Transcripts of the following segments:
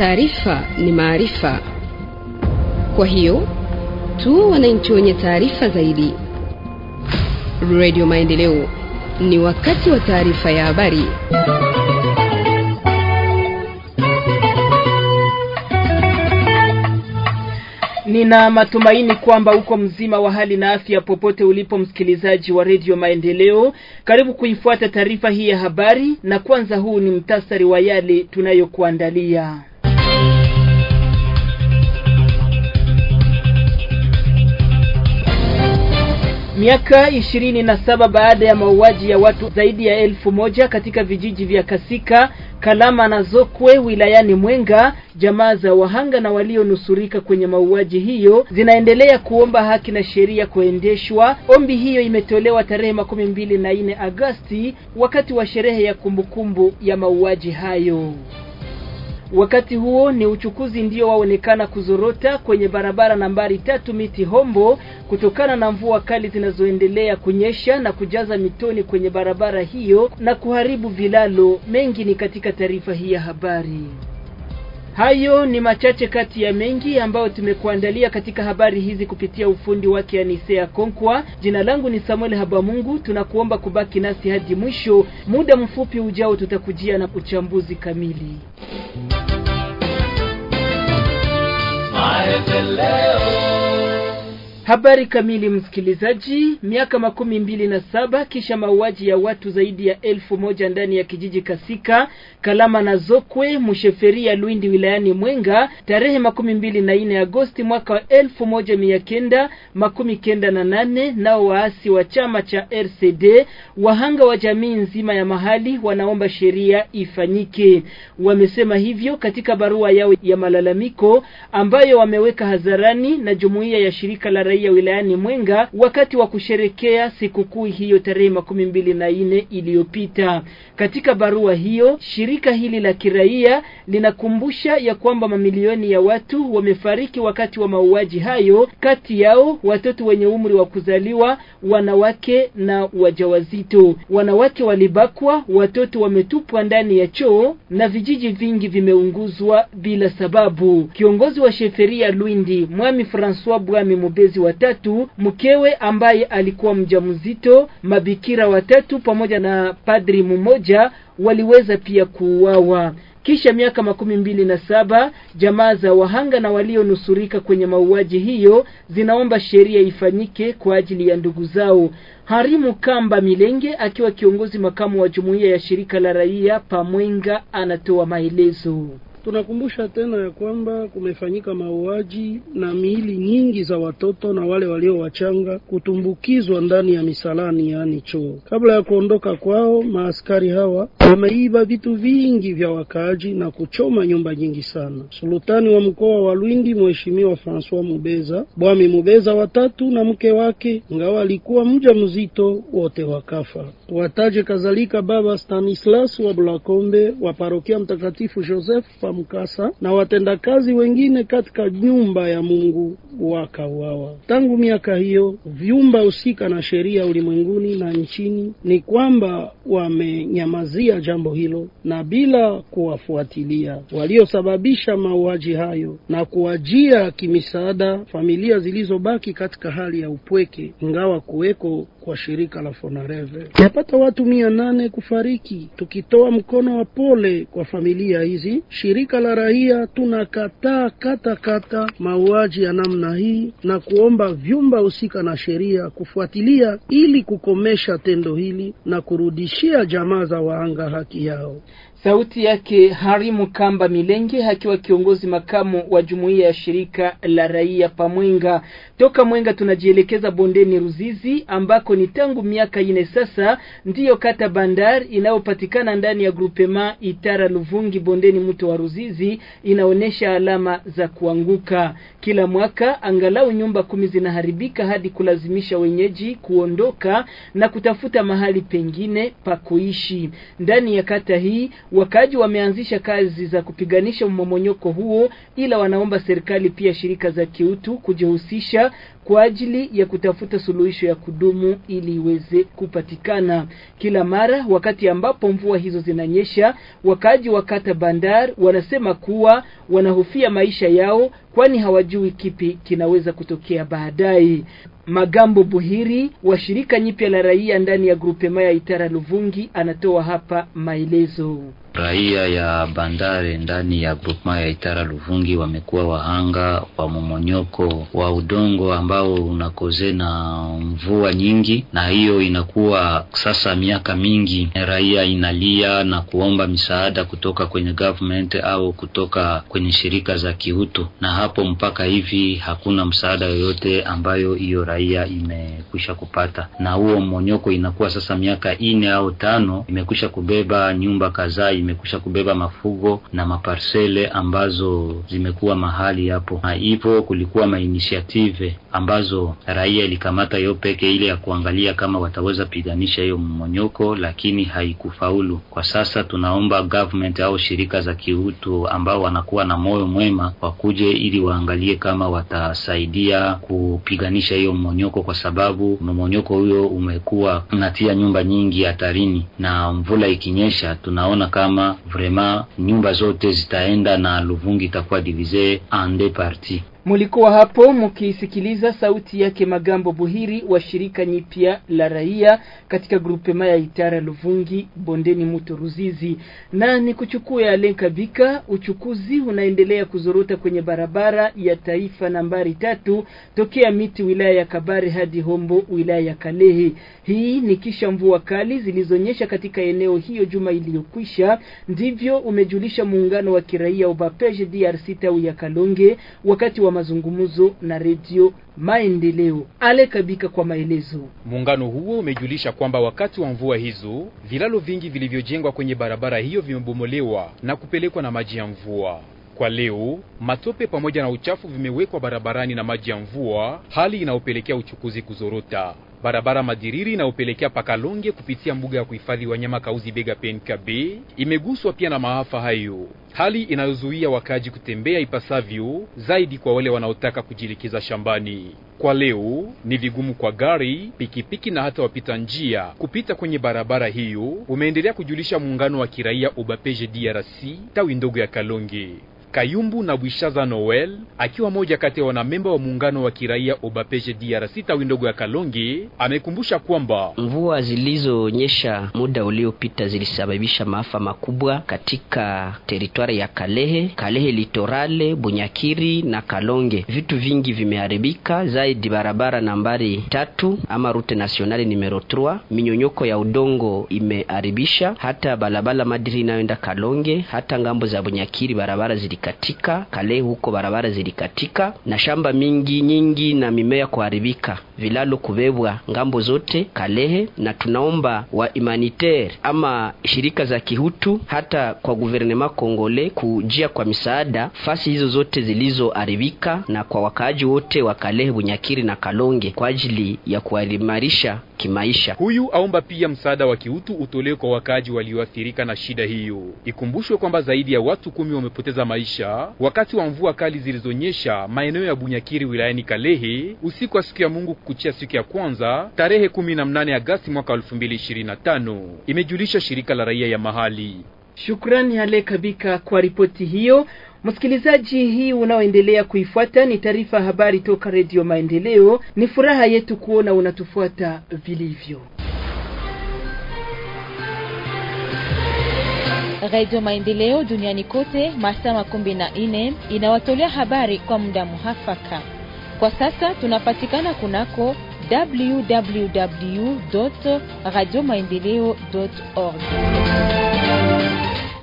taarifa ni maarifa. Kwa hiyo tu wananchi wenye taarifa zaidi. Radio Maendeleo, ni wakati wa taarifa ya habari. Nina matumaini kwamba uko mzima wa hali na afya popote ulipo, msikilizaji wa redio Maendeleo. Karibu kuifuata taarifa hii ya habari, na kwanza huu ni mtasari wa yale tunayokuandalia. Miaka ishirini na saba baada ya mauaji ya watu zaidi ya elfu moja katika vijiji vya Kasika, Kalama na Zokwe wilayani Mwenga, jamaa za wahanga na walionusurika kwenye mauaji hiyo zinaendelea kuomba haki na sheria kuendeshwa. Ombi hiyo imetolewa tarehe makumi mbili na nne Agasti wakati wa sherehe ya kumbukumbu ya mauaji hayo. Wakati huo ni uchukuzi ndio waonekana kuzorota kwenye barabara nambari tatu miti Hombo kutokana na mvua kali zinazoendelea kunyesha na kujaza mitoni kwenye barabara hiyo na kuharibu vilalo mengi. Ni katika taarifa hii ya habari. Hayo ni machache kati ya mengi ambayo tumekuandalia katika habari hizi kupitia ufundi wake Anisea Konkwa. Jina langu ni Samuel Habamungu, tunakuomba kubaki nasi hadi mwisho. Muda mfupi ujao tutakujia na uchambuzi kamili. believe. Habari kamili, msikilizaji. Miaka makumi mbili na saba kisha mauaji ya watu zaidi ya elfu moja ndani ya kijiji Kasika, Kalama na Zokwe msheferia Lwindi wilayani Mwenga tarehe makumi mbili na nne Agosti mwaka wa elfu moja mia kenda makumi kenda na nane nao waasi wa chama cha RCD wahanga wa jamii nzima ya mahali wanaomba sheria ifanyike. Wamesema hivyo katika barua yao ya malalamiko ambayo wameweka hadharani na jumuiya ya shirika la raia raia wilayani Mwenga wakati wa kusherekea sikukuu hiyo tarehe makumi mbili na nne iliyopita. Katika barua hiyo, shirika hili la kiraia linakumbusha ya kwamba mamilioni ya watu wamefariki wakati wa mauaji hayo, kati yao watoto wenye umri wa kuzaliwa, wanawake na wajawazito. Wanawake walibakwa, watoto wametupwa ndani ya choo na vijiji vingi vimeunguzwa bila sababu. Kiongozi wa sheferia Lwindi Mwami Francois Bwami Mubezi wa watatu, mkewe ambaye alikuwa mjamzito, mabikira watatu pamoja na padri mmoja waliweza pia kuuawa. Kisha miaka makumi mbili na saba jamaa za wahanga na walionusurika kwenye mauaji hiyo zinaomba sheria ifanyike kwa ajili ya ndugu zao. Harimu Kamba Milenge akiwa kiongozi makamu wa jumuiya ya shirika la raia Pamwenga anatoa maelezo. Tunakumbusha tena ya kwamba kumefanyika mauaji na miili nyingi za watoto na wale walio wachanga kutumbukizwa ndani ya misalani, yaani choo. Kabla ya kuondoka kwao, maaskari hawa wameiba vitu vingi vya wakaaji na kuchoma nyumba nyingi sana. Sultani wa mkoa wa Lwindi, Mheshimiwa Francois Mubeza, Bwami Mubeza watatu na mke wake, ingawa alikuwa mja mzito, wote wakafa. Wataje kadhalika Baba Stanislas wa Blakombe wa parokia Mtakatifu Joseph Mukasa na watendakazi wengine katika nyumba ya Mungu wakauawa. Tangu miaka hiyo, vyumba husika na sheria ulimwenguni na nchini ni kwamba wamenyamazia jambo hilo na bila kuwafuatilia waliosababisha mauaji hayo na kuwajia kimisaada familia zilizobaki katika hali ya upweke, ingawa kuweko kwa shirika la Fonareve. Yapata watu mia nane kufariki, tukitoa mkono wa pole kwa familia hizi. Shirika la raia tunakataa kata kata mauaji ya namna hii na kuomba vyumba husika na sheria kufuatilia ili kukomesha tendo hili na kurudishia jamaa za wahanga haki yao. Sauti yake Harimu Kamba Milenge akiwa kiongozi makamu wa jumuiya ya shirika la raia Pamwenga. Toka Mwenga tunajielekeza bondeni Ruzizi ambako ni tangu miaka ine sasa ndiyo kata bandari inayopatikana ndani ya grupema Itara Luvungi bondeni mto wa Ruzizi inaonyesha alama za kuanguka. Kila mwaka angalau nyumba kumi zinaharibika hadi kulazimisha wenyeji kuondoka na kutafuta mahali pengine pa kuishi. Ndani ya kata hii Wakaaji wameanzisha kazi za kupiganisha mmomonyoko huo, ila wanaomba serikali pia shirika za kiutu kujihusisha kwa ajili ya kutafuta suluhisho ya kudumu ili iweze kupatikana. Kila mara wakati ambapo mvua hizo zinanyesha, wakaaji wa kata Bandar wanasema kuwa wanahofia maisha yao kwani hawajui kipi kinaweza kutokea baadaye. Magambo Buhiri wa shirika nyipya la raia ndani ya grupema ya Itara Luvungi anatoa hapa maelezo. Raia ya bandari ndani ya grupma ya Itara Luvungi wamekuwa wahanga wa momonyoko wa udongo ambao unakoze na mvua nyingi, na hiyo inakuwa sasa miaka mingi. Raia inalia na kuomba misaada kutoka kwenye government au kutoka kwenye shirika za kiutu, na hapo mpaka hivi hakuna msaada yoyote ambayo hiyo raia imekwisha kupata, na huo mmonyoko inakuwa sasa miaka ine au tano imekwisha kubeba nyumba kadhaa imekwisha kubeba mafugo na maparsele ambazo zimekuwa mahali hapo, na hivyo kulikuwa mainisiative ambazo raia ilikamata yo peke ile ya kuangalia kama wataweza piganisha hiyo mmonyoko, lakini haikufaulu. Kwa sasa tunaomba government au shirika za kiutu ambao wanakuwa na moyo mwema wakuje, ili waangalie kama watasaidia kupiganisha hiyo mmonyoko, kwa sababu mmonyoko huyo umekuwa unatia nyumba nyingi hatarini, na mvula ikinyesha tunaona kama kama vraiment nyumba zote zitaenda na Luvungi itakuwa divisee en deux parties. Mulikuwa hapo mkisikiliza sauti yake Magambo Buhiri wa shirika nyipya la raia katika grupema ya Itara Luvungi bondeni mto Ruzizi. Na ni kuchukua yale kabika, uchukuzi unaendelea kuzorota kwenye barabara ya taifa nambari tatu tokea miti wilaya ya Kabare hadi Hombo wilaya ya Kalehe. Hii ni kisha mvua kali zilizonyesha katika eneo hiyo juma iliyokwisha, ndivyo umejulisha muungano wa kiraia Ubapeje DRC tawi ya Kalonge wakati wa wa mazungumzo na redio Maendeleo Ale Kabika kwa maelezo. Muungano huo umejulisha kwamba wakati wa mvua hizo vilalo vingi vilivyojengwa kwenye barabara hiyo vimebomolewa na kupelekwa na maji ya mvua. Kwa leo matope pamoja na uchafu vimewekwa barabarani na maji ya mvua, hali inayopelekea uchukuzi kuzorota. Barabara Madiriri inayopelekea Pakalonge kupitia mbuga ya kuhifadhi wanyama Kauzi Bega Penka imeguswa pia na maafa hayo, hali inayozuia wakaaji kutembea ipasavyo, zaidi kwa wale wanaotaka kujilikiza shambani. Kwa leo ni vigumu kwa gari, pikipiki na hata wapita njia kupita kwenye barabara hiyo, umeendelea kujulisha muungano wa kiraia Ubapeje DRC tawi ndogo ya Kalonge. Kayumbu na Bwishaza Noel akiwa moja kati ya wanamemba wa muungano wa kiraia Obapeje DRC tawi ndogo ya Kalonge amekumbusha kwamba mvua zilizonyesha muda uliopita zilisababisha maafa makubwa katika teritwari ya Kalehe, Kalehe litorale, Bunyakiri na Kalonge. Vitu vingi vimeharibika zaidi, barabara nambari tatu ama rute nationale numero 3. Minyonyoko ya udongo imeharibisha hata balabala madiri inayoenda Kalonge, hata ngambo za Bunyakiri barabara zilikatika, Kalehe huko barabara zilikatika, na shamba mingi nyingi na mimea kuharibika, vilalo kubebwa ngambo zote Kalehe, na tunaomba wa humanitaire ama shirika za kihutu hata kwa guvernema Kongole kujia kwa misaada fasi hizo zote zilizoharibika, na kwa wakaaji wote wa Kalehe, Bunyakiri na Kalonge kwa ajili ya kuwaimarisha kimaisha. Huyu aomba pia msaada wa kiutu utolewe kwa wakaaji walioathirika na shida hiyo. Ikumbushwe kwamba zaidi ya watu kumi wamepoteza maisha wakati wa mvua kali zilizonyesha maeneo ya Bunyakiri wilayani Kalehe usiku wa siku ya Mungu kukuchia siku ya kwanza tarehe 18 Agasti mwaka 2025, imejulisha shirika la raia ya mahali. Shukrani Hale Kabika kwa ripoti hiyo. Msikilizaji, hii unaoendelea kuifuata ni taarifa ya habari toka Redio Maendeleo. Ni furaha yetu kuona unatufuata vilivyo. Redio Maendeleo duniani kote masaa makumi na nne inawatolea habari kwa muda muhafaka. Kwa sasa tunapatikana kunako www radio maendeleo org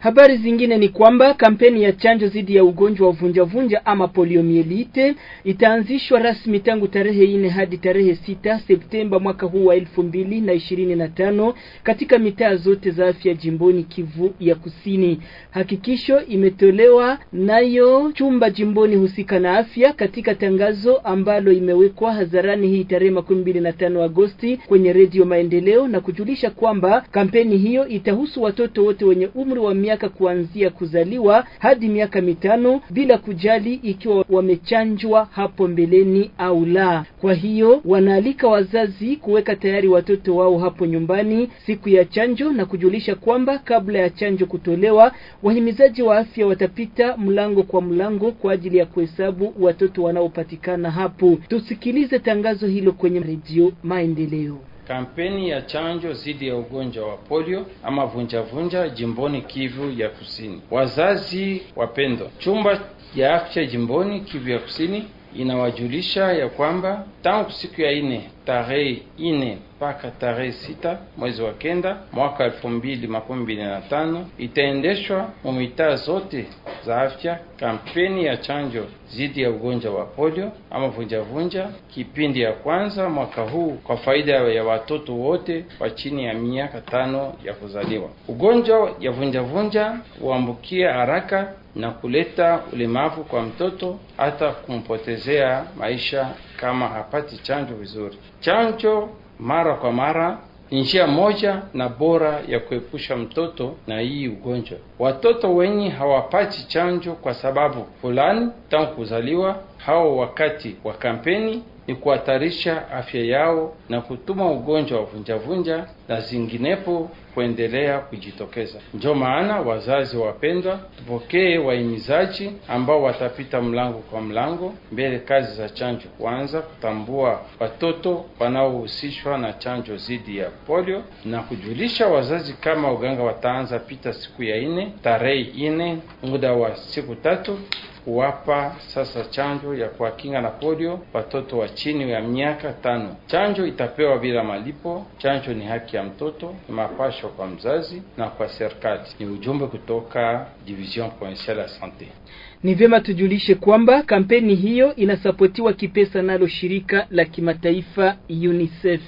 Habari zingine ni kwamba kampeni ya chanjo dhidi ya ugonjwa wa vunjavunja ama poliomielite itaanzishwa rasmi tangu tarehe ine hadi tarehe sita Septemba mwaka huu wa elfu mbili na ishirini na tano katika mitaa zote za afya jimboni Kivu ya Kusini. Hakikisho imetolewa nayo chumba jimboni husika na afya katika tangazo ambalo imewekwa hadharani hii tarehe makumi mbili na tano Agosti kwenye Redio Maendeleo na kujulisha kwamba kampeni hiyo itahusu watoto wote wenye umri wa miaka kuanzia kuzaliwa hadi miaka mitano bila kujali ikiwa wamechanjwa hapo mbeleni au la. Kwa hiyo wanaalika wazazi kuweka tayari watoto wao hapo nyumbani siku ya chanjo na kujulisha kwamba kabla ya chanjo kutolewa, wahimizaji wa afya watapita mlango kwa mlango kwa ajili ya kuhesabu watoto wanaopatikana hapo. Tusikilize tangazo hilo kwenye redio Maendeleo kampeni ya chanjo dhidi ya ugonjwa wa polio ama vunjavunja jimboni Kivu ya Kusini. Wazazi wapendwa, chumba ya afya jimboni Kivu ya Kusini inawajulisha ya kwamba tangu siku ya nne tarehe ine mpaka tarehe sita mwezi wa kenda mwaka elfu mbili makumi mbili na tano itaendeshwa mu mitaa zote za afya kampeni ya chanjo dhidi ya ugonjwa wa polio ama vunjavunja, kipindi ya kwanza mwaka huu kwa faida ya watoto wote wa chini ya miaka tano ya kuzaliwa. Ugonjwa ya vunjavunja huambukia haraka na kuleta ulemavu kwa mtoto hata kumpotezea maisha kama hapati chanjo vizuri. Chanjo mara kwa mara ni njia moja na bora ya kuepusha mtoto na hii ugonjwa. Watoto wenye hawapati chanjo kwa sababu fulani tangu kuzaliwa, hao wakati wa kampeni ni kuhatarisha afya yao na kutuma ugonjwa wa vunjavunja na zinginepo kuendelea kujitokeza. Ndio maana wazazi wapendwa, tupokee wahimizaji ambao watapita mlango kwa mlango mbele kazi za chanjo kuanza, kutambua watoto wanaohusishwa na chanjo dhidi ya polio na kujulisha wazazi kama uganga wataanza pita siku ya ine tarehe ine muda wa siku tatu kuwapa sasa chanjo ya kuwakinga na polio watoto wa chini ya miaka tano. Chanjo itapewa bila malipo. Chanjo ni haki ya mtoto, ni mapasho kwa mzazi na kwa serikali. Ni ujumbe kutoka Division Provinciale ya Sante. Ni vyema tujulishe kwamba kampeni hiyo inasapotiwa kipesa nalo shirika la kimataifa UNICEF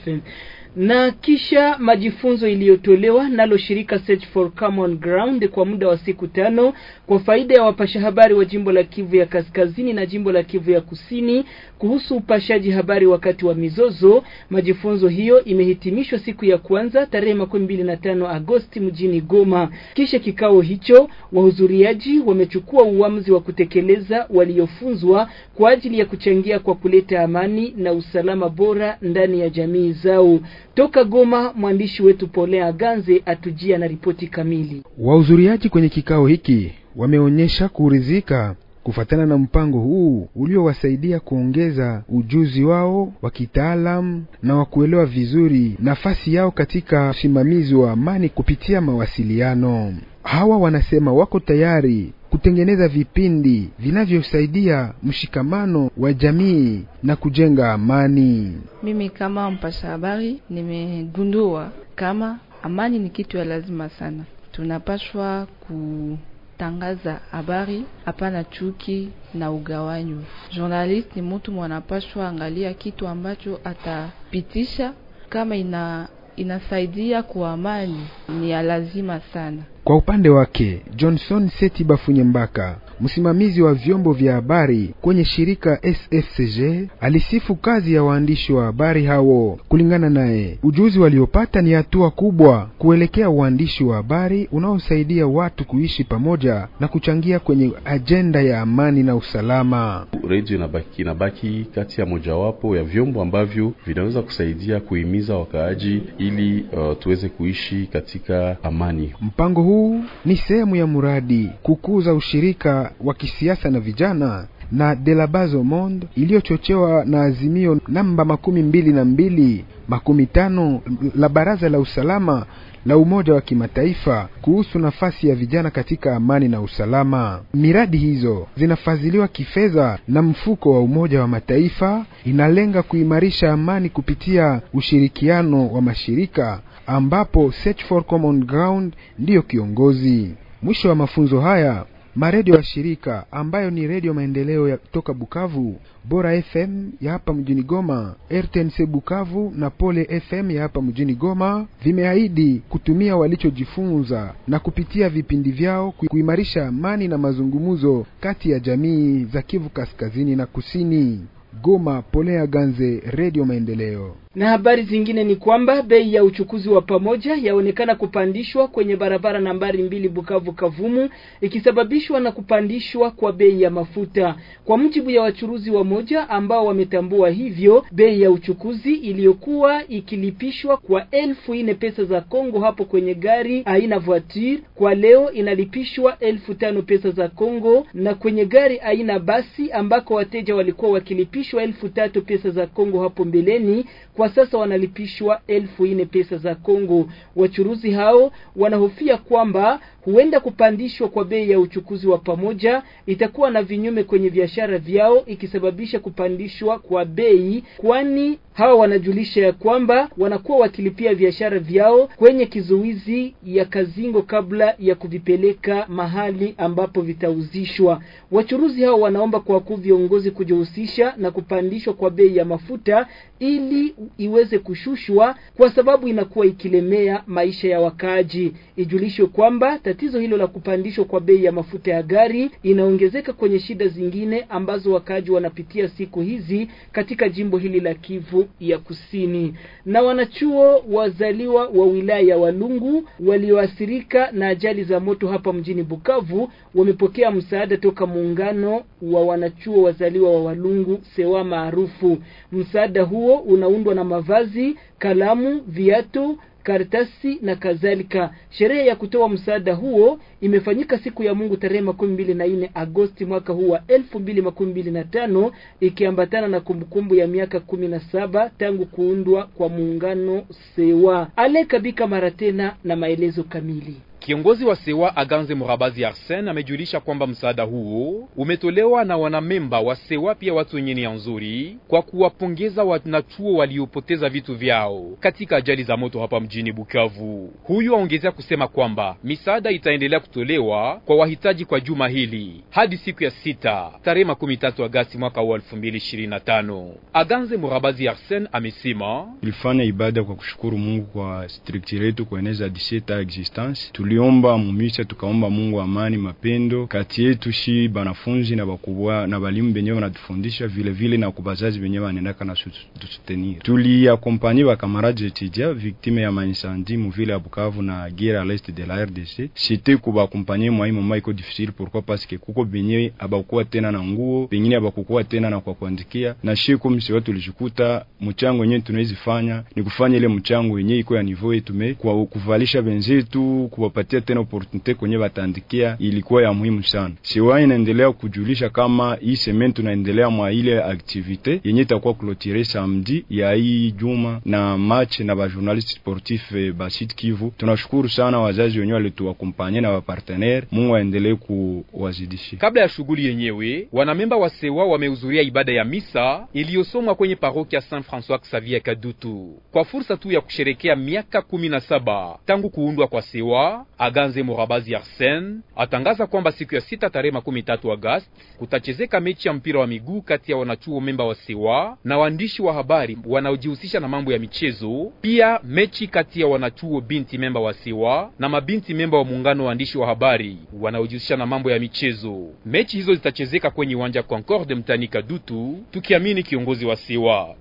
na kisha majifunzo iliyotolewa nalo shirika Search for Common Ground kwa muda wa siku tano kwa faida ya wapasha habari wa jimbo la Kivu ya Kaskazini na jimbo la Kivu ya Kusini kuhusu upashaji habari wakati wa mizozo. Majifunzo hiyo imehitimishwa siku ya kwanza tarehe makumi Agosti mjini Goma. Kisha kikao hicho, wahudhuriaji wamechukua uamuzi wa kutekeleza waliofunzwa kwa ajili ya kuchangia kwa kuleta amani na usalama bora ndani ya jamii zao. Toka Goma, mwandishi wetu Polea Aganze atujia na ripoti kamili. Wahudhuriaji kwenye kikao hiki wameonyesha kuridhika kufatana na mpango huu uliowasaidia kuongeza ujuzi wao wa kitaalamu na wa kuelewa vizuri nafasi yao katika usimamizi wa amani kupitia mawasiliano. Hawa wanasema wako tayari kutengeneza vipindi vinavyosaidia mshikamano wa jamii na kujenga amani. Mimi kama mpasha habari nimegundua kama amani ni kitu ya lazima sana, tunapashwa kutangaza habari, hapana chuki na ugawanyo. Journalist ni mtu mwanapashwa angalia kitu ambacho atapitisha kama ina inasaidia kwa amani, ni ya lazima sana. Kwa upande wake Johnson Seti Bafunyembaka, msimamizi wa vyombo vya habari kwenye shirika SFCG, alisifu kazi ya waandishi wa habari hao. Kulingana naye, ujuzi waliopata ni hatua kubwa kuelekea uandishi wa habari unaosaidia watu kuishi pamoja na kuchangia kwenye ajenda ya amani na usalama redio inabaki, inabaki kati ya mojawapo ya vyombo ambavyo vinaweza kusaidia kuhimiza wakaaji ili uh, tuweze kuishi katika amani. Mpango huu ni sehemu ya mradi kukuza ushirika wa kisiasa na vijana na de la base au monde iliyochochewa na azimio namba makumi mbili na mbili makumi tano la Baraza la Usalama la Umoja wa Kimataifa kuhusu nafasi ya vijana katika amani na usalama. Miradi hizo zinafadhiliwa kifedha na mfuko wa Umoja wa Mataifa, inalenga kuimarisha amani kupitia ushirikiano wa mashirika ambapo Search for Common Ground ndiyo kiongozi. Mwisho wa mafunzo haya maredio ya shirika ambayo ni redio maendeleo ya toka Bukavu, Bora FM ya hapa mjini Goma, RTNC Bukavu na Pole FM ya hapa mjini Goma vimeahidi kutumia walichojifunza na kupitia vipindi vyao kuimarisha amani na mazungumzo kati ya jamii za Kivu Kaskazini na Kusini. Goma, Polea Ganze, Redio Maendeleo. Na habari zingine ni kwamba bei ya uchukuzi wa pamoja yaonekana kupandishwa kwenye barabara nambari mbili Bukavu Kavumu, ikisababishwa na kupandishwa kwa bei ya mafuta. Kwa mujibu ya wachuruzi wa moja ambao wametambua hivyo, bei ya uchukuzi iliyokuwa ikilipishwa kwa elfu ine pesa za Kongo hapo kwenye gari aina voiture, kwa leo inalipishwa elfu tano pesa za Kongo, na kwenye gari aina basi ambako wateja walikuwa wakilipishwa elfu tatu pesa za Kongo hapo mbeleni kwa kwa sasa wanalipishwa elfu ine pesa za Kongo. Wachuruzi hao wanahofia kwamba huenda kupandishwa kwa bei ya uchukuzi wa pamoja itakuwa na vinyume kwenye biashara vyao, ikisababisha kupandishwa kwa bei kwani hawa wanajulisha ya kwamba wanakuwa wakilipia biashara vyao kwenye kizuizi ya Kazingo kabla ya kuvipeleka mahali ambapo vitauzishwa. Wachuruzi hao wanaomba kwa wakuu viongozi kujihusisha na kupandishwa kwa bei ya mafuta ili iweze kushushwa, kwa sababu inakuwa ikilemea maisha ya wakaaji. Ijulishwe kwamba tatizo hilo la kupandishwa kwa bei ya mafuta ya gari inaongezeka kwenye shida zingine ambazo wakaaji wanapitia siku hizi katika jimbo hili la Kivu ya Kusini. Na wanachuo wazaliwa wa wilaya ya Walungu walioathirika na ajali za moto hapa mjini Bukavu wamepokea msaada toka muungano wa wanachuo wazaliwa wa Walungu sewa maarufu. Msaada huo unaundwa na mavazi, kalamu, viatu karatasi na kadhalika. Sherehe ya kutoa msaada huo imefanyika siku ya Mungu tarehe makumi mbili na nne Agosti mwaka huu wa elfu mbili makumi mbili na tano ikiambatana na kumbukumbu ya miaka kumi na saba tangu kuundwa kwa muungano sewa. Aleka Bika mara tena na maelezo kamili Kiongozi wa Sewa Aganze Murabazi Arsen amejulisha kwamba msaada huo umetolewa na wanamemba wa Sewa pia watu wenye nia nzuri kwa kuwapongeza wanachuo waliopoteza vitu vyao katika ajali za moto hapa mjini Bukavu. Huyu aongezea kusema kwamba misaada itaendelea kutolewa kwa wahitaji kwa juma hili hadi siku ya sita tarehe makumi tatu Agasti mwaka wa elfu mbili ishirini na tano. Aganze Murabazi Arsen amesema tulifanya ibada kwa kushukuru Mungu kwa strikti yetu kueneza 17 existence tuliomba mumisha, tukaomba Mungu amani, mapendo kati yetu, shi banafunzi na bakubwa na balimu benyewe banatufundisha vile vile na kubazazi benyewe banendaka na tusutenir. Tuliakompanye bakamaradi etudia victime ya maincendie muvile ya Bukavu na guerre à l'est de la RDC, c'était kubakompanye mwai moma iko difficile. Pourquoi? Parce que kuko benyewe abakuwa tena na nguo, pengine abakukuwa tena na kwa kuandikia na shiko msiwa, tulishukuta mchango wenyewe tunaweza fanya ni kufanya ile mchango wenyewe iko ya niveau yetu, kwa kuvalisha benzetu kuwapa kutupatia tena opportunite kwenye batandikia, ilikuwa ya muhimu sana. Sewa inaendelea kujulisha kama hii semaine tunaendelea mwa ile activite yenye itakuwa clôturer samedi ya hii juma na match na bajournaliste sportif eh, basit Kivu. Tunashukuru sana wazazi wenyewe walituakompanye na bapartenere Mungu aendelee kuwazidishia. Kabla ya shughuli yenyewe, wanamemba wa Sewa wamehudhuria ibada ya misa iliyosomwa kwenye parokia Saint François Xavier Kadutu kwa fursa tu ya kusherekea miaka 17 tangu kuundwa kwa Sewa Aganze Morabazi arsen atangaza kwamba siku ya sita tarehe makumi tatu Agasti kutachezeka mechi ya mpira wa miguu kati ya wanachuo memba wa sewa na waandishi wa habari wanaojihusisha na mambo ya michezo, pia mechi kati ya wanachuo binti memba wa sewa na mabinti memba wa muungano wa waandishi wa habari wanaojihusisha na mambo ya michezo. Mechi hizo zitachezeka kwenye uwanja Concorde mtani Kadutu, tukiamini kiongozi wa sewa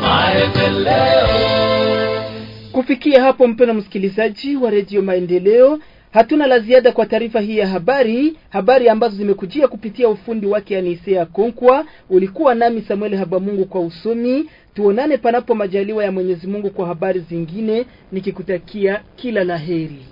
Maendeleo. Kufikia hapo, mpeno msikilizaji wa redio Maendeleo, hatuna la ziada kwa taarifa hii ya habari, habari ambazo zimekujia kupitia ufundi wake Anisea Konkwa. Ulikuwa nami Samuel Habamungu kwa usomi. Tuonane panapo majaliwa ya Mwenyezi Mungu kwa habari zingine, nikikutakia kila la heri.